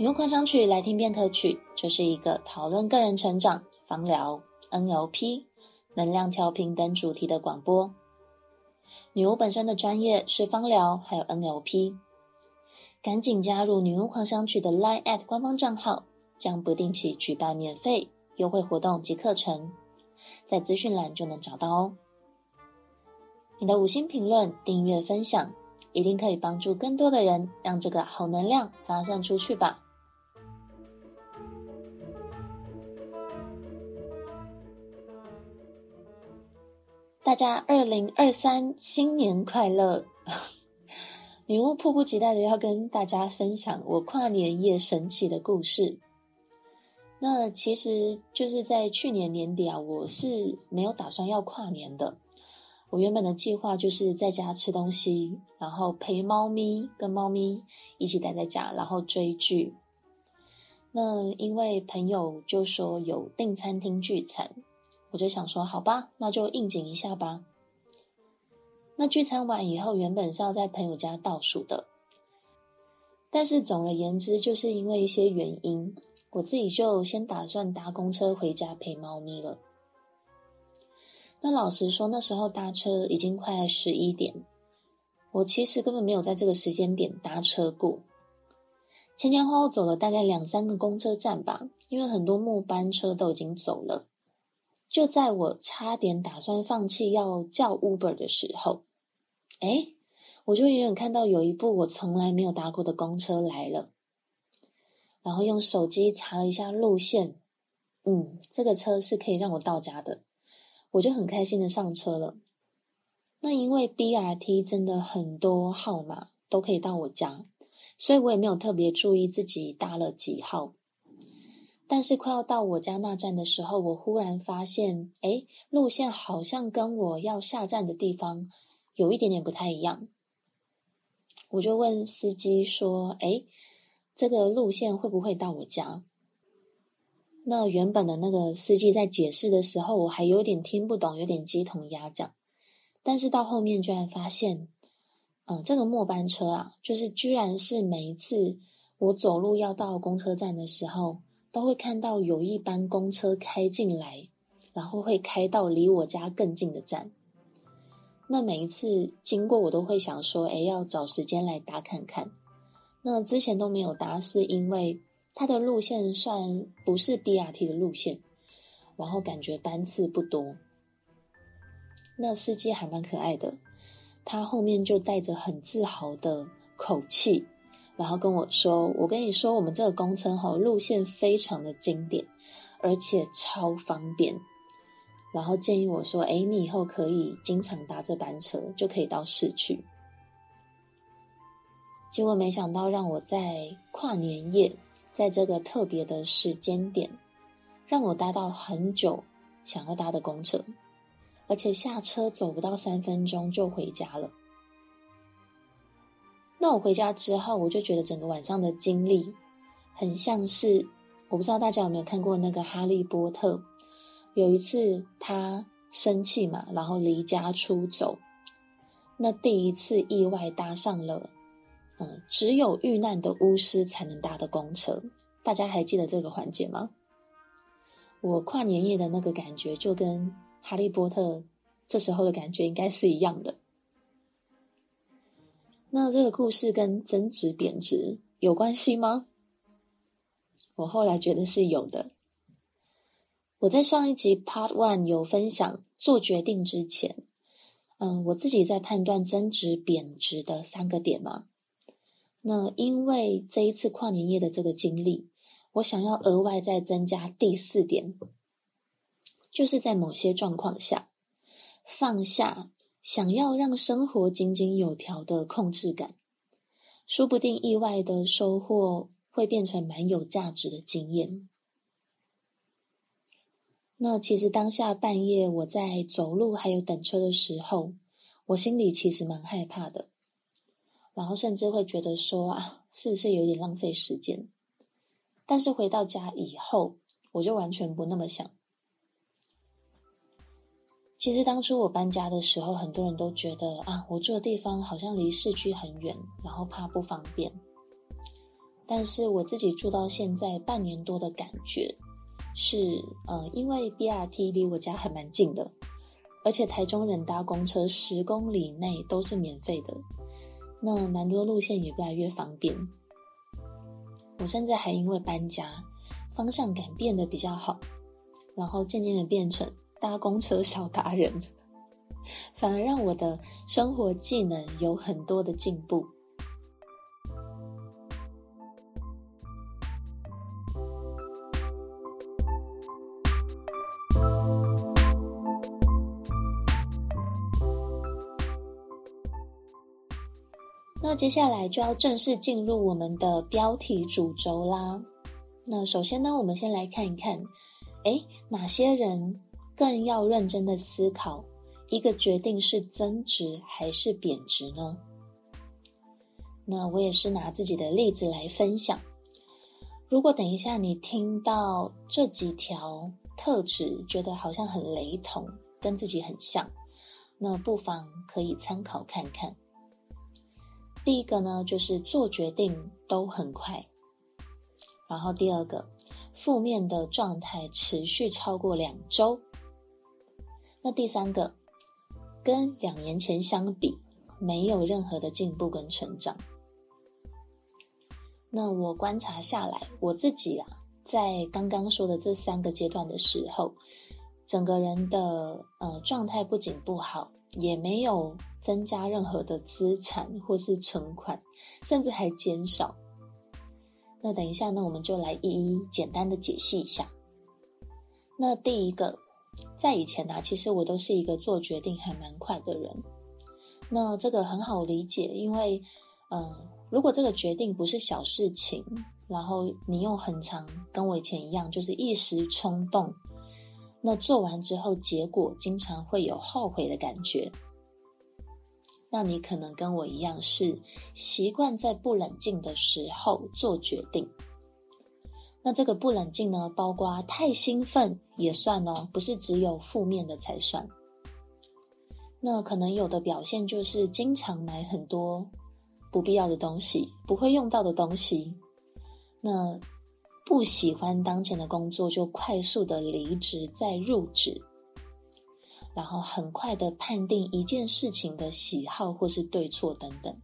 女巫狂想曲來聽便可曲，這是一個討論個人成長、芳療、NLP、能量調頻等主題的廣播。女巫本身的專業是芳療，還有 NLP。趕緊加入女巫狂想曲的 Line@ 官方賬號，將不定期舉辦免費優惠活動及課程，在資訊欄就能找到哦。你的五星評論、訂閱、分享，一定可以幫助更多的人，讓這個好能量發散出去吧。大家二零二三新年快樂！ 女巫迫不及待的要跟大家分享我跨年夜神奇的故事。那其實就是在去年年底啊，我是沒有打算要跨年的。我原本的計劃就是在家吃東西，然後陪貓咪跟貓咪一起待在家，然後追劇。那因為朋友就說有訂餐廳聚餐。我就想說，好吧，那就應景一下吧。那聚餐完以後，原本是要在朋友家倒數的，但是總而言之，就是因為一些原因，我自己就先打算搭公車回家陪貓咪了。那老實說，那時候搭車已經快十一點，我其實根本沒有在這個時間點搭車過。前前後後走了大概兩三個公車站吧，因為很多末班車都已經走了。就在我差點打算放棄要叫 Uber 的時候，哎，我就遠遠看到有一部我從來沒有搭過的公車來了，然後用手機查了一下路線，嗯，這個車是可以讓我到家的，我就很開心的上車了。那因為 BRT 真的很多號碼都可以到我家，所以我也沒有特別注意自己搭了幾號。但是快要到我家那站的時候，我忽然發現，哎，路線好像跟我要下站的地方有一點點不太一樣。我就問司機說：“哎，這個路線會不會到我家？”那原本的那個司機在解釋的時候，我還有點聽不懂，有點雞同鴨講。但是到後面，居然發現，嗯、呃，這個末班車啊，就是居然是每一次我走路要到公車站的時候。都會看到有一班公車開進來，然後會開到離我家更近的站。那每一次經過，我都會想說：“誒，要找時間來搭看看。”那之前都沒有搭，是因為它的路線算不是 BRT 的路線，然後感覺班次不多。那司機還蠻可愛的，他後面就帶着很自豪的口氣。然後跟我說，我跟你說，我們這個公車吼路線非常的經典，而且超方便。然後建議我說，哎，你以後可以經常搭這班車，就可以到市區。結果沒想到，讓我在跨年夜，在這個特別的時間點，讓我搭到很久想要搭的公車，而且下車走不到三分鐘就回家了。那我回家之後，我就覺得整個晚上的經歷，很像是我不知道大家有沒有看過那個《哈利波特》。有一次他生氣嘛，然後離家出走，那第一次意外搭上了，嗯，只有遇難的巫師才能搭的公車。大家還記得這個環節嗎？我跨年夜的那個感覺，就跟《哈利波特》這時候的感覺應該是一樣的。那這個故事跟增值貶值有關係嗎？我後來覺得是有的。我在上一集 Part One 有分享做決定之前，嗯、呃，我自己在判斷增值貶值的三個點嘛。那因為這一次跨年夜的這個經歷，我想要額外再增加第四點，就是在某些狀況下放下。想要讓生活井井有條的控制感，說不定意外的收穫會變成蠻有價值的經驗。那其實當下半夜我在走路還有等車的時候，我心裡其實蠻害怕的，然後甚至會覺得說啊，是不是有點浪費時間？但是回到家以後，我就完全不那麼想。其實當初我搬家的時候，很多人都覺得啊，我住的地方好像離市區很遠，然後怕不方便。但是我自己住到現在半年多的感覺是，呃，因為 BRT 離我家還蠻近的，而且台中人搭公車十公里內都是免費的，那蠻多路線也越來越方便。我現在還因為搬家方向感變得比較好，然後漸漸的變成，搭公車小達人，反而讓我的生活技能有很多的進步。那接下來就要正式進入我們的標題主軸啦。那首先呢，我們先來看一看，哎，哪些人更要認真的思考，一個決定是增值還是貶值呢？那我也是拿自己的例子來分享。如果等一下你聽到這幾條特質，覺得好像很雷同，跟自己很像，那不妨可以參考看看。第一個呢，就是做決定都很快。然後第二個，負面的狀態持續超過兩周。那第三個，跟兩年前相比，沒有任何的進步跟成長。那我觀察下來，我自己啊，在剛剛說的這三個階段的時候，整個人的呃狀態不僅不好，也沒有增加任何的資產或是存款，甚至還減少。那等一下呢，那我們就來一一簡單的解析一下。那第一個。在以前啊，其實我都是一個做決定還蠻快的人。那這個很好理解，因為，嗯、呃，如果這個決定不是小事情，然後你又很常跟我以前一樣，就是一時衝動，那做完之後，結果經常會有後悔的感覺。那你可能跟我一樣，是習慣在不冷靜的時候做決定。那這個不冷靜呢，包括太興奮。也算哦，不是只有負面的才算。那可能有的表現就是經常買很多不必要的東西，不會用到的東西。那不喜歡當前的工作，就快速的離職再入職，然後很快的判定一件事情的喜好或是對錯等等。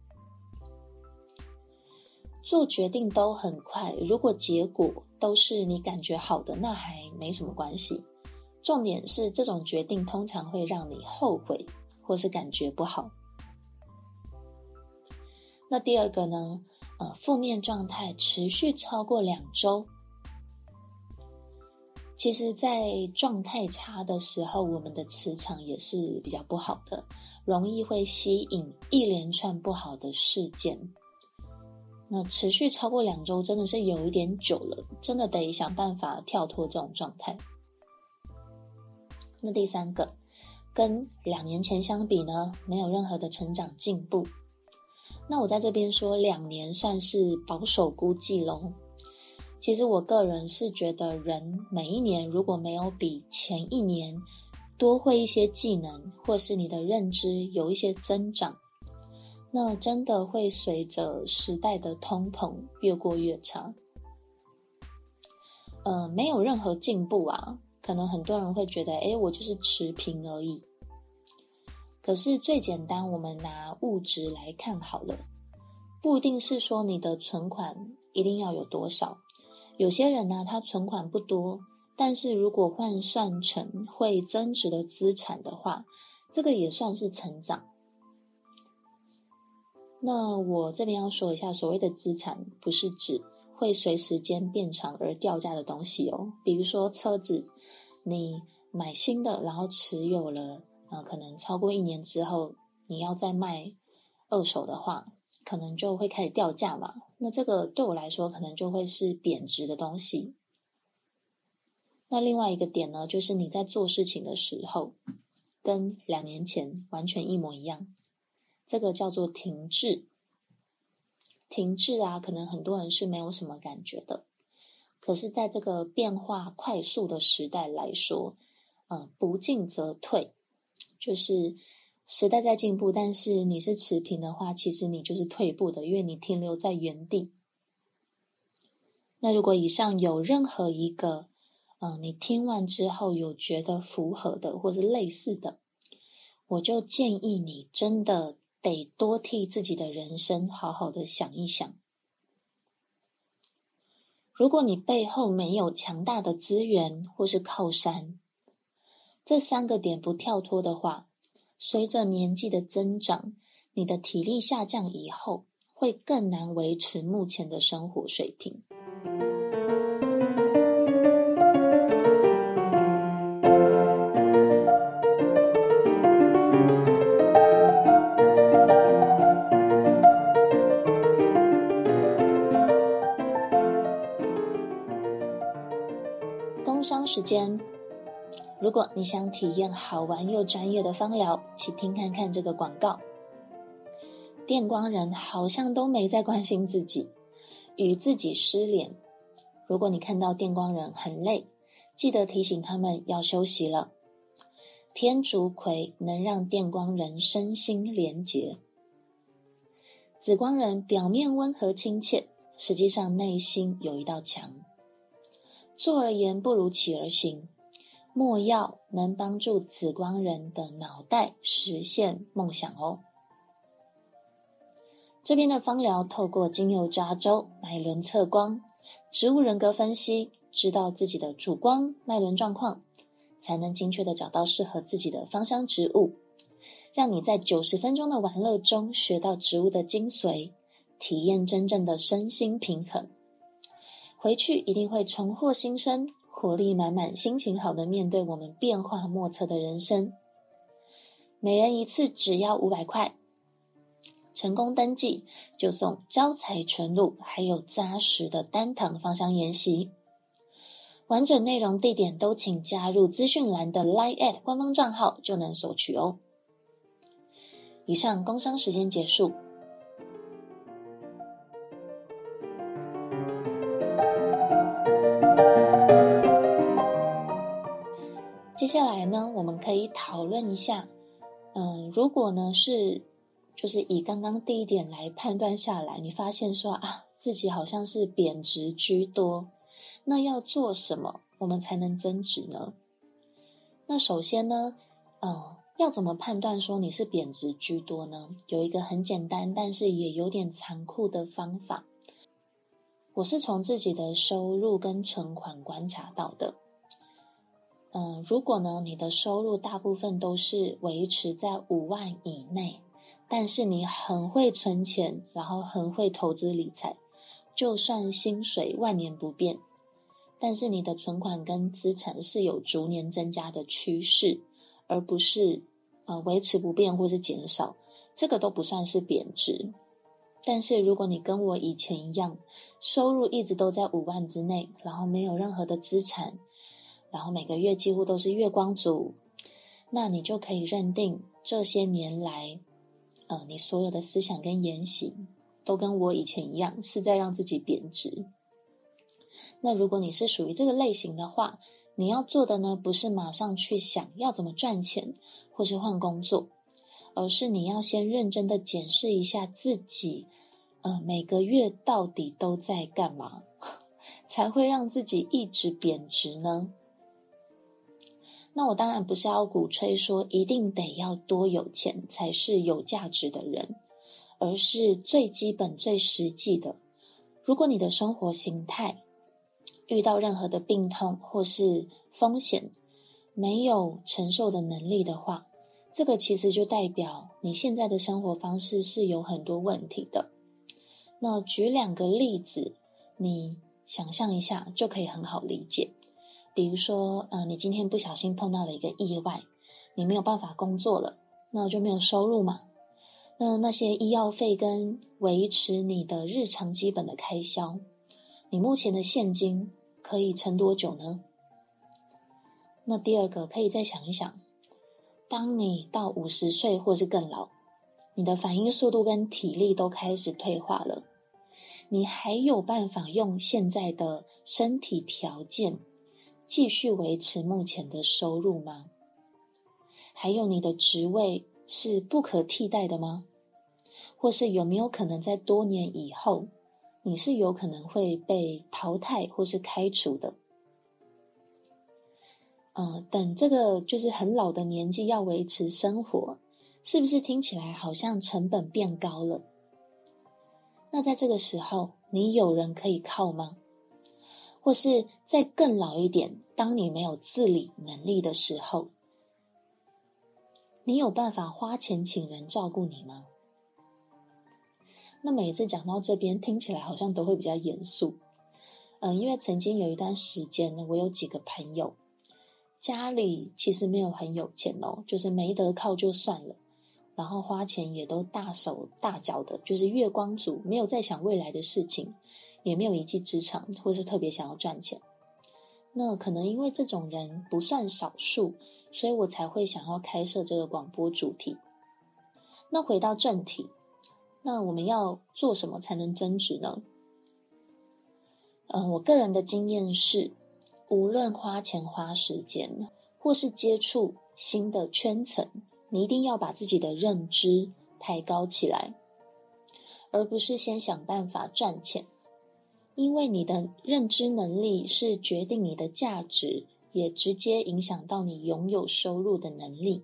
做決定都很快，如果結果，都是你感覺好的，那還沒什麼關係。重點是這種決定通常會讓你後悔，或是感覺不好。那第二個呢？呃，負面狀態持續超過兩周，其實在狀態差的時候，我們的磁場也是比較不好的，容易會吸引一連串不好的事件。那持續超過兩周，真的是有一點久了，真的得想辦法跳脫這種狀態。那第三個，跟兩年前相比呢，沒有任何的成長進步。那我在這邊說兩年算是保守估計嘍。其實我個人是覺得，人每一年如果沒有比前一年多會一些技能，或是你的認知有一些增長。那真的會隨着時代的通膨越過越長，呃，沒有任何進步啊。可能很多人會覺得，誒，我就是持平而已。可是最簡單，我們拿物質來看好了，不一定是說你的存款一定要有多少。有些人呢、啊，他存款不多，但是如果換算成會增值的資產的話，這個也算是成長。那我這邊要說一下，所謂的資產不是指會隨時間變長而掉價的東西哦，比如說車子，你買新的，然後持有了，呃，可能超過一年之後你要再賣二手的話，可能就會開始掉價嘛。那這個對我來說，可能就會是貶值的東西。那另外一個點呢，就是你在做事情的時候，跟兩年前完全一模一樣。這個叫做停滯，停滯啊，可能很多人是沒有什麼感覺的。可是，在這個變化快速的時代來說，呃，不進則退，就是時代在進步，但是你是持平的話，其實你就是退步的，因為你停留在原地。那如果以上有任何一個，嗯、呃，你聽完之後有覺得符合的，或是類似的，我就建議你真的。得多替自己的人生好好的想一想。如果你背後沒有強大的資源或是靠山，這三個點不跳脫的話，隨着年紀的增長，你的體力下降以後，會更難維持目前的生活水平。商時間，如果你想體驗好玩又專業的芳療，請聽看看這個廣告。電光人好像都沒在關心自己，與自己失聯。如果你看到電光人很累，記得提醒他們要休息了。天竺葵能讓電光人身心連結。紫光人表面溫和親切，實際上內心有一道牆。坐而言不如起而行，莫要能幫助紫光人的腦袋實現夢想哦。這邊的芳療透過精油抓周、脈輪測光、植物人格分析，知道自己的主光、脈輪狀況，才能精確的找到適合自己的芳香植物，讓你在九十分鐘的玩樂中學到植物的精髓，體驗真正的身心平衡。回去一定會重獲新生，活力滿滿，心情好的面對我們變化莫測的人生。每人一次只要五百塊，成功登記就送招財純露，還有紮實的單堂芳香研習。完整內容地點都請加入資訊欄的 line at 官方賬號就能索取哦。以上工商時間結束。接下來呢，我們可以討論一下，嗯、呃，如果呢是，就是以剛剛第一點來判斷下來，你發現說啊，自己好像是貶值居多，那要做什麼，我們才能增值呢？那首先呢，嗯、呃，要怎麼判斷說你是貶值居多呢？有一個很簡單，但是也有點殘酷的方法，我是從自己的收入跟存款觀察到的。嗯，如果呢，你的收入大部分都是維持在五萬以內，但是你很會存錢，然後很會投資理財，就算薪水萬年不變，但是你的存款跟資產是有逐年增加的趨勢，而不是呃維持不變或是減少，這個都不算是貶值。但是如果你跟我以前一樣，收入一直都在五萬之內，然後沒有任何的資產。然後每個月幾乎都是月光族，那你就可以認定這些年來，呃，你所有的思想跟言行都跟我以前一樣，是在讓自己貶值。那如果你是屬於這個類型的話，你要做的呢，不是馬上去想要怎麼賺錢或是換工作，而是你要先認真的檢視一下自己，呃，每個月到底都在幹嘛，才會讓自己一直貶值呢？那我當然不是要鼓吹說一定得要多有錢才是有價值的人，而是最基本、最實際的。如果你的生活形態遇到任何的病痛或是風險，沒有承受的能力的話，這個其實就代表你現在的生活方式是有很多問題的。那舉兩個例子，你想象一下就可以很好理解。比如說，嗯，呃，你今天不小心碰到了一個意外，你沒有辦法工作了，那我就沒有收入嘛。那那些醫藥費跟維持你的日常基本的開銷，你目前的現金可以撐多久呢？那第二個可以再想一想，當你到五十歲或是更老，你的反應速度跟體力都開始退化了，你還有辦法用現在的身體條件，繼續維持目前的收入嗎？還有你的職位是不可替代的嗎？或是有沒有可能在多年以後，你是有可能會被淘汰或是開除的？嗯，等這個就是很老的年紀要維持生活，是不是聽起來好像成本變高了？那在這個時候，你有人可以靠嗎？或是再更老一點，當你沒有自理能力的時候，你有辦法花錢請人照顧你嗎？那每次講到這邊，聽起來好像都會比較嚴肅。嗯、呃，因為曾經有一段時間呢，我有幾個朋友家裡其實沒有很有錢哦，就是沒得靠就算了，然後花錢也都大手大腳的，就是月光族，沒有在想未來的事情。也沒有一技之長，或是特別想要賺錢。那可能因為這種人不算少數，所以我才會想要開設這個廣播主題。那回到正題，那我們要做什麼才能增值呢？嗯，我個人的經驗是，無論花錢花時間，或是接觸新的圈層，你一定要把自己的認知抬高起來，而不是先想辦法賺錢。因為你的認知能力是決定你的價值，也直接影響到你擁有收入的能力。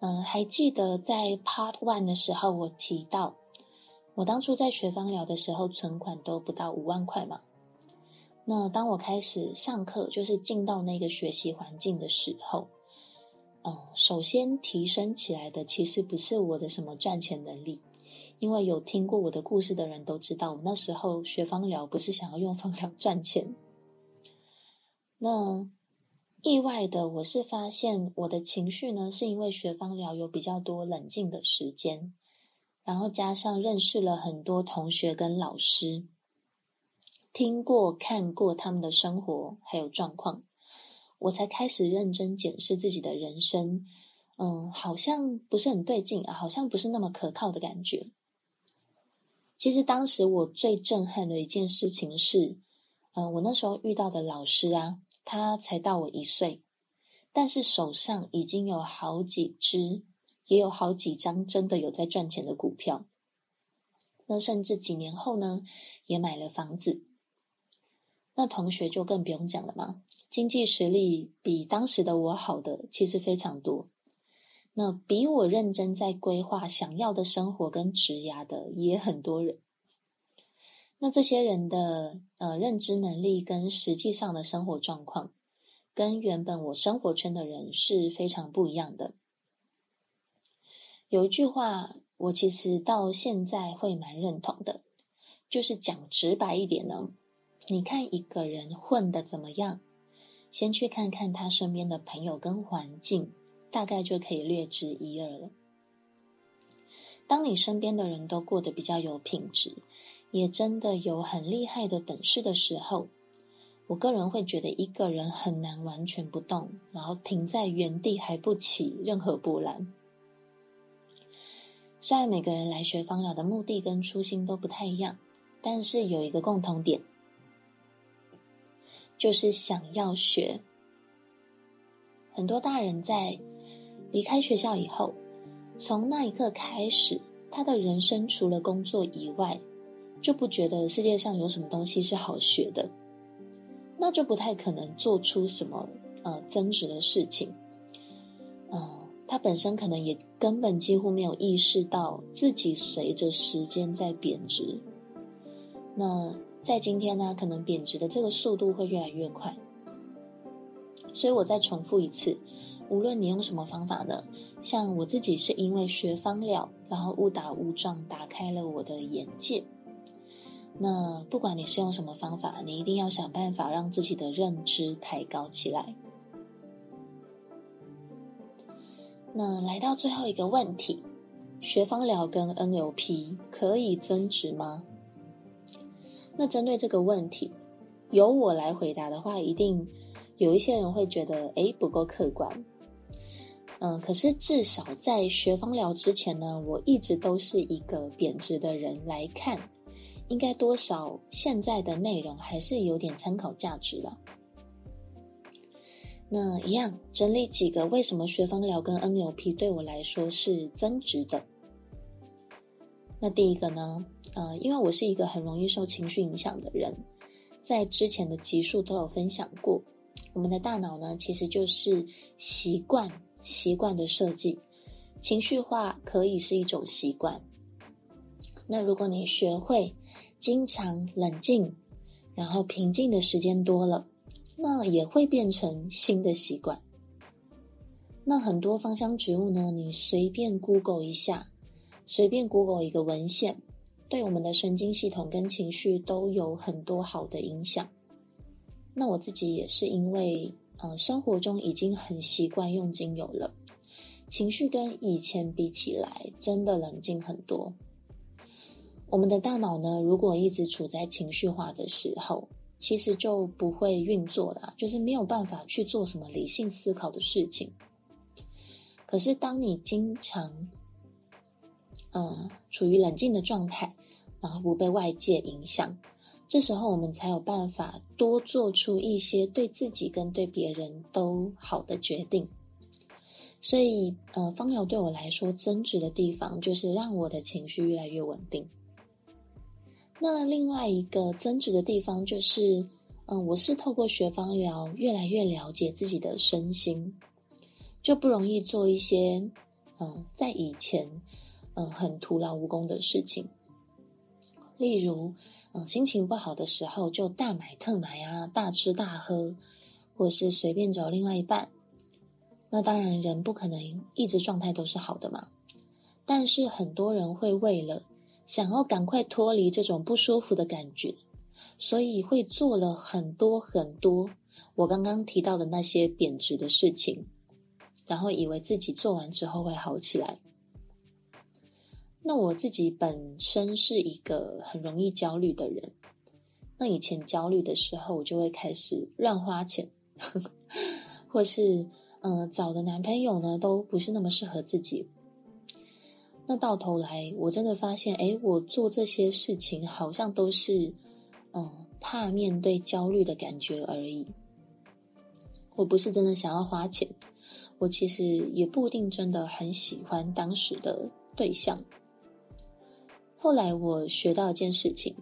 嗯、呃，還記得在 Part One 的時候，我提到我當初在學芳療的時候，存款都不到五萬塊嘛？那當我開始上課，就是進到那個學習環境的時候，嗯、呃，首先提升起來的，其實不是我的什麼賺錢能力。因為有聽過我的故事的人都知道，那時候學芳療不是想要用芳療賺錢。那意外的，我是發現我的情緒呢，是因為學芳療有比較多冷靜的時間，然後加上認識了很多同學跟老師，聽過看過他們的生活還有狀況，我才開始認真檢視自己的人生。嗯，好像不是很對勁啊，好像不是那麼可靠的感覺。其實當時我最震撼的一件事情是，嗯、呃，我那時候遇到的老師啊，他才大我一歲，但是手上已經有好幾只，也有好幾張真的有在賺錢的股票。那甚至幾年後呢，也買了房子。那同學就更不用講了嘛，經濟實力比當時的我好的其實非常多。那比我認真在規劃想要的生活跟職涯的也很多人。那這些人的呃認知能力跟實際上的生活狀況，跟原本我生活圈的人是非常不一樣的。有一句話我其實到現在會蠻認同的，就是講直白一點呢，你看一個人混得怎麼樣，先去看看他身邊的朋友跟環境。大概就可以略知一二了。當你身邊的人都過得比較有品質，也真的有很厲害的本事的時候，我個人會覺得一個人很難完全不動，然後停在原地，還不起任何波瀾。雖然每個人來學芳療的目的跟初心都不太一樣，但是有一個共同點，就是想要學。很多大人在，離開學校以後，從那一刻開始，他的人生除了工作以外，就不覺得世界上有什麼東西是好學的，那就不太可能做出什麼呃增值的事情。嗯、呃，他本身可能也根本幾乎沒有意識到自己隨着時間在貶值。那在今天呢，可能貶值的這個速度會越來越快。所以，我再重複一次。無論你用什麼方法呢，像我自己是因為學芳療，然後誤打誤撞打開了我的眼界。那不管你是用什麼方法，你一定要想辦法讓自己的認知抬高起來。那來到最後一個問題，學芳療跟 NLP 可以增值嗎？那針對這個問題，由我來回答的話，一定有一些人會覺得，哎，不夠客觀。嗯，可是至少在學芳療之前呢，我一直都是一個貶值的人來看，應該多少現在的內容還是有點參考價值的。那一樣，整理幾個為什麼學芳療跟 NLP 對我來說是增值的。那第一個呢，呃，因為我是一個很容易受情緒影響的人，在之前的集數都有分享過，我們的大腦呢，其實就是習慣。習慣的設計，情緒化可以是一種習慣。那如果你學會經常冷靜，然後平靜的時間多了，那也會變成新的習慣。那很多芳香植物呢，你隨便 Google 一下，隨便 Google 一個文獻，對我們的神經系統跟情緒都有很多好的影響。那我自己也是因為。嗯，生活中已經很習慣用精油了，情緒跟以前比起來真的冷靜很多。我們的大腦呢，如果一直處在情緒化的時候，其實就不會運作了，就是沒有辦法去做什麼理性思考的事情。可是當你經常，嗯、呃，處於冷靜的狀態，然後不被外界影響。這時候我們才有辦法多做出一些對自己跟對別人都好的決定。所以，呃，芳療對我來說增值的地方，就是讓我的情緒越來越穩定。那另外一個增值的地方，就是，嗯、呃，我是透過學芳療，越來越了解自己的身心，就不容易做一些，嗯、呃，在以前，嗯、呃，很徒勞無功的事情。例如，嗯，心情不好的時候就大買特買啊，大吃大喝，或是隨便找另外一半。那當然，人不可能一直狀態都是好的嘛。但是很多人會為了想要趕快脫離這種不舒服的感覺，所以會做了很多很多我剛剛提到的那些貶值的事情，然後以為自己做完之後會好起來。那我自己本身是一個很容易焦慮的人，那以前焦慮的時候，我就會開始亂花錢，呵呵，或是呃，找的男朋友呢都不是那麼適合自己。那到頭來，我真的發現，哎，我做這些事情好像都是，嗯、呃，怕面對焦慮的感覺而已。我不是真的想要花錢，我其實也不一定真的很喜歡當時的對象。後來我學到一件事情，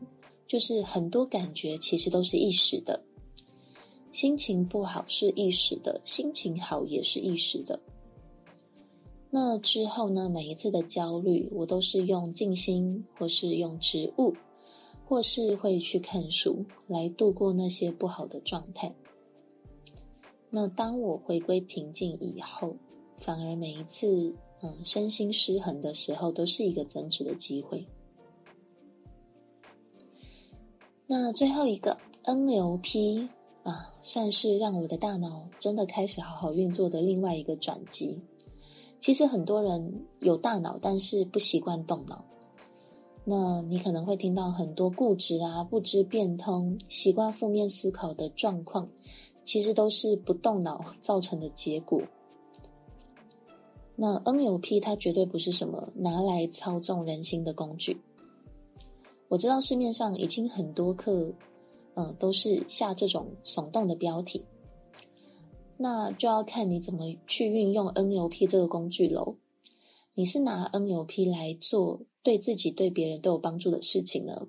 就是很多感覺其實都是一時的，心情不好是一時的，心情好也是一時的。那之後呢，每一次的焦慮，我都是用靜心，或是用植物，或是會去看書來度過那些不好的狀態。那當我回歸平靜以後，反而每一次嗯，呃，身心失衡的時候，都是一個增值的機會。那最後一個 NLP 啊，算是讓我的大腦真的開始好好運作的另外一個轉機。其實很多人有大腦，但是不習慣動腦。那你可能會聽到很多固執啊、不知變通、習慣負面思考的狀況，其實都是不動腦造成的結果。那 NLP 它絕對不是什麼拿來操縱人心的工具。我知道市面上已經很多課，嗯、呃，都是下這種聳動的標題。那就要看你怎麼去運用 NLP 這個工具嘍。你是拿 NLP 來做對自己對別人都有幫助的事情呢，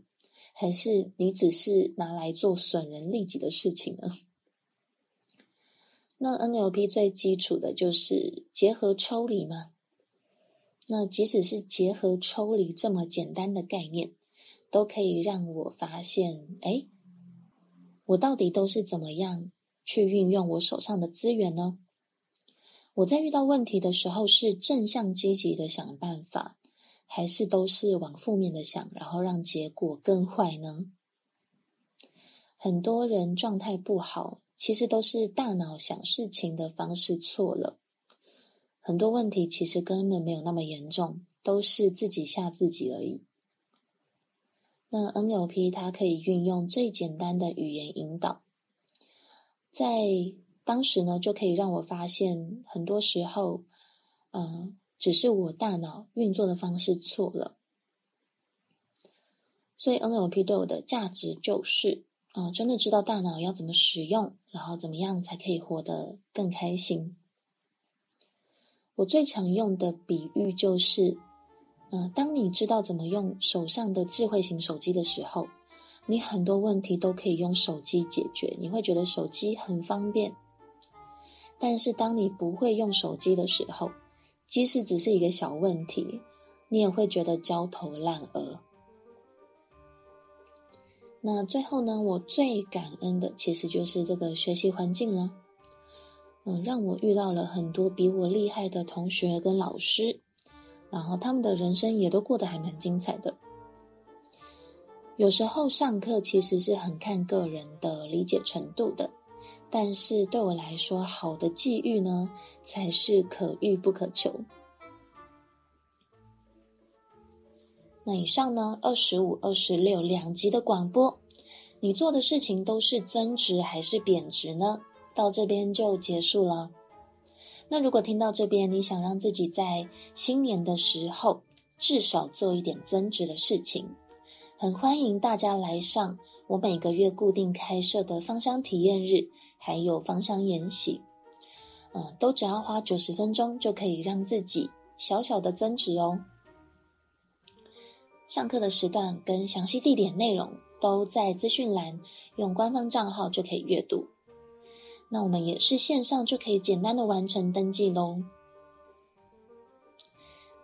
還是你只是拿來做損人利己的事情呢？那 NLP 最基礎的就是結合抽離嘛。那即使是結合抽離這麼簡單的概念。都可以讓我發現，哎，我到底都是怎麼樣去運用我手上的資源呢？我在遇到問題的時候，是正向積極的想辦法，還是都是往負面的想，然後讓結果更壞呢？很多人狀態不好，其實都是大腦想事情的方式錯了。很多問題其實根本沒有那麼嚴重，都是自己嚇自己而已。那 NLP 它可以運用最簡單的語言引導，在當時呢，就可以讓我發現，很多時候，嗯，只是我大腦運作的方式錯了。所以 NLP 對我的價值就是，啊，真的知道大腦要怎麼使用，然後怎麼樣才可以活得更開心。我最常用的比喻就是。嗯、呃，當你知道怎麼用手上的智慧型手機的時候，你很多問題都可以用手機解決，你會覺得手機很方便。但是當你不會用手機的時候，即使只是一個小問題，你也會覺得焦頭爛額。那最後呢，我最感恩的其實就是這個學習環境了，嗯、呃，讓我遇到了很多比我厲害的同學跟老師。然後他們的人生也都過得還蠻精彩的。有時候上課其實是很看個人的理解程度的，但是對我來說，好的際遇呢，才是可遇不可求。那以上呢，二十五、二十六兩集的廣播，你做的事情都是增值還是貶值呢？到這邊就結束了。那如果聽到這邊，你想讓自己在新年的時候至少做一點增值的事情，很歡迎大家來上我每個月固定開設的芳香體驗日，還有芳香研習，嗯、呃，都只要花九十分鐘就可以讓自己小小的增值哦。上課的時段跟詳細地點內容都在資訊欄，用官方賬號就可以閱讀。那我們也是線上就可以簡單的完成登記嘍。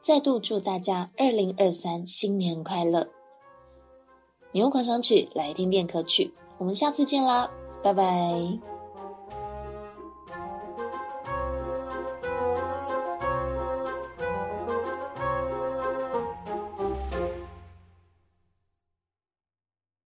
再度祝大家二零二三新年快樂！女巫狂想曲來聽便可取，我們下次見啦，拜拜。